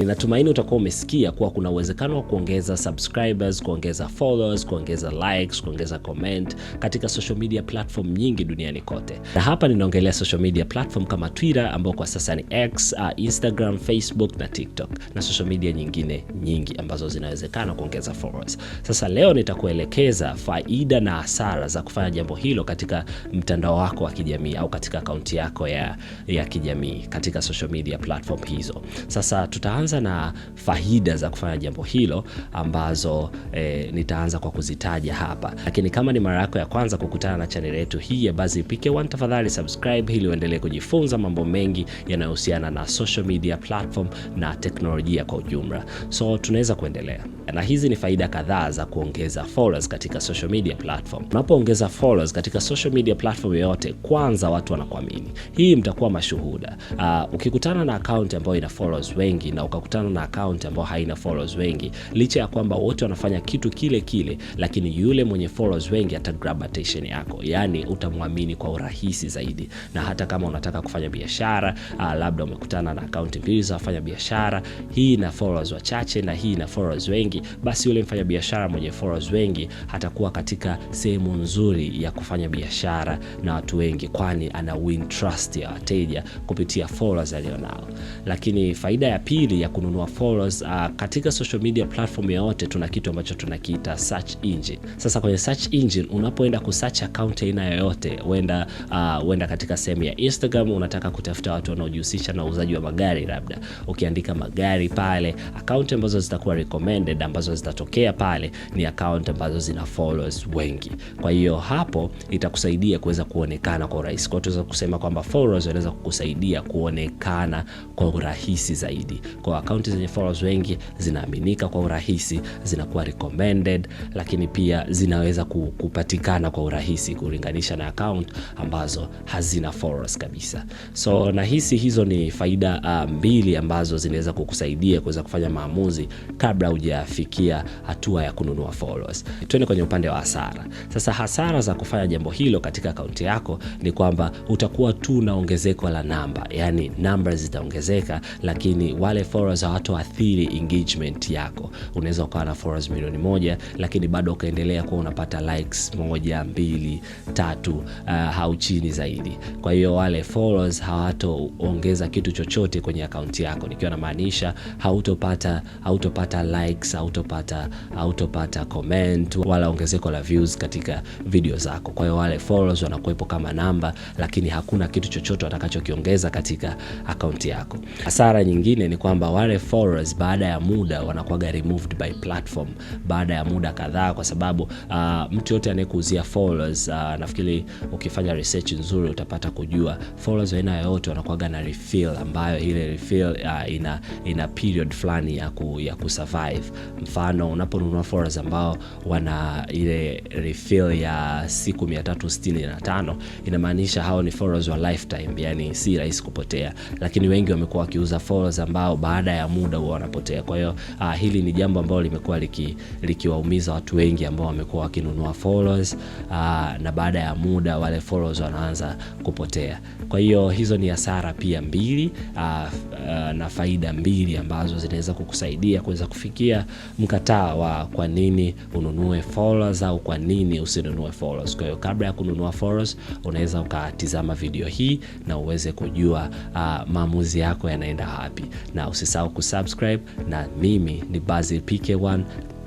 Ninatumaini utakuwa umesikia kuwa kuna uwezekano wa kuongeza subscribers, kuongeza followers, kuongeza likes, kuongeza comment katika social media platform nyingi duniani kote, na hapa ninaongelea social media platform kama Twitter ambayo kwa sasa ni X, uh, Instagram, Facebook na TikTok na social media nyingine nyingi ambazo zinawezekana kuongeza followers. Sasa leo nitakuelekeza faida na hasara za kufanya jambo hilo katika mtandao wako wa kijamii au katika akaunti yako ya, ya kijamii katika social media platform hizo. Sasa tutaanza Tutaanza na faida za kufanya jambo hilo ambazo e, nitaanza kwa kuzitaja hapa, lakini kama ni mara yako ya kwanza kukutana na chaneli yetu hii ya Buzz PK1, tafadhali subscribe ili uendelee kujifunza mambo mengi yanayohusiana na social media platform na teknolojia kwa ujumla. So tunaweza kuendelea na hizi ni faida kadhaa za kuongeza followers katika social media platform. Unapoongeza followers katika social media platform yoyote, kwanza watu wanakuamini. Hii mtakuwa mashuhuda. Uh, ukikutana na account ambayo ina followers wengi na uka ukakutana na account ambayo haina followers wengi, licha ya kwamba wote wanafanya kitu kile kile, lakini yule mwenye followers wengi ata grab attention yako, yani utamwamini kwa urahisi zaidi. Na hata kama unataka kufanya biashara, ah, labda umekutana na account mbili za wafanya biashara, hii na followers wachache na hii na followers wengi, basi yule biashara mwenye followers wengi hatakuwa katika sehemu nzuri ya kufanya biashara na watu wengi, kwani ana win trust ya wateja kupitia followers alionao. Lakini faida ya pili ya kununua followers. Uh, katika social media platform yoyote tuna kitu ambacho tunakiita search engine. Sasa kwenye search engine unapoenda kusearch account aina yoyote, wenda uh, wenda katika sehemu ya Instagram unataka kutafuta watu wanaojihusisha na uuzaji wa magari, labda ukiandika magari pale, account ambazo zitakuwa recommended ambazo zitatokea pale ni account ambazo zina followers wengi. Kwa hiyo hapo itakusaidia kuweza kuonekana kwa urahisi. Kwa hiyo tunaweza kusema kwamba followers wanaweza kukusaidia kuonekana kwa urahisi zaidi kwa akaunti zenye followers wengi zinaaminika kwa urahisi, zinakuwa recommended, lakini pia zinaweza kupatikana kwa urahisi kulinganisha na account ambazo hazina followers kabisa. So nahisi hizo ni faida ah, mbili ambazo zinaweza kukusaidia kuweza kufanya maamuzi kabla hujafikia hatua ya kununua followers. tuende kwenye upande wa hasara sasa. Hasara za kufanya jambo hilo katika akaunti yako ni kwamba utakuwa tu na ongezeko la namba, yani namba zitaongezeka, lakini wale followers followers hawatoathiri engagement yako. Unaweza ukawa na followers milioni moja lakini bado ukaendelea kuwa unapata likes moja, mbili, tatu uh, au chini zaidi. Kwa hiyo wale followers hawatoongeza kitu chochote kwenye akaunti yako, nikiwa namaanisha hautopata hautopata likes, hautopata hautopata comment wala ongezeko la views katika video zako. Kwa hiyo wale followers wanakuwepo kama namba, lakini hakuna kitu chochote watakachokiongeza katika akaunti yako. Hasara nyingine ni kwamba wale followers baada ya muda wanakuwaga removed by platform baada ya muda kadhaa, kwa sababu uh, mtu yote anayekuuzia followers uh, nafikiri ukifanya research nzuri utapata kujua followers aina yoyote wanakuwaga na refill, ambayo ile refill uh, ina, ina period fulani ya, ku, ya kusurvive. Mfano unaponunua followers ambao wana ile refill ya siku 365 inamaanisha hao ni followers wa lifetime, yani si rahisi kupotea, lakini wengi wamekuwa wakiuza followers ambao baada baada ya muda huwa wanapotea. Kwa hiyo uh, hili ni jambo ambalo limekuwa likiwaumiza liki watu wengi ambao wamekuwa wakinunua followers uh, ah, na baada ya muda wale followers wanaanza kupotea. Kwa hiyo hizo ni hasara pia mbili uh, uh, na faida mbili ambazo zinaweza kukusaidia kuweza kufikia mkataa wa kwa nini ununue followers au kwa nini usinunue followers. Kwa hiyo kabla ya kununua followers unaweza ukatizama video hii na uweze kujua uh, maamuzi yako yanaenda wapi na usi usisahau kusubscribe, na mimi ni Basil PK1.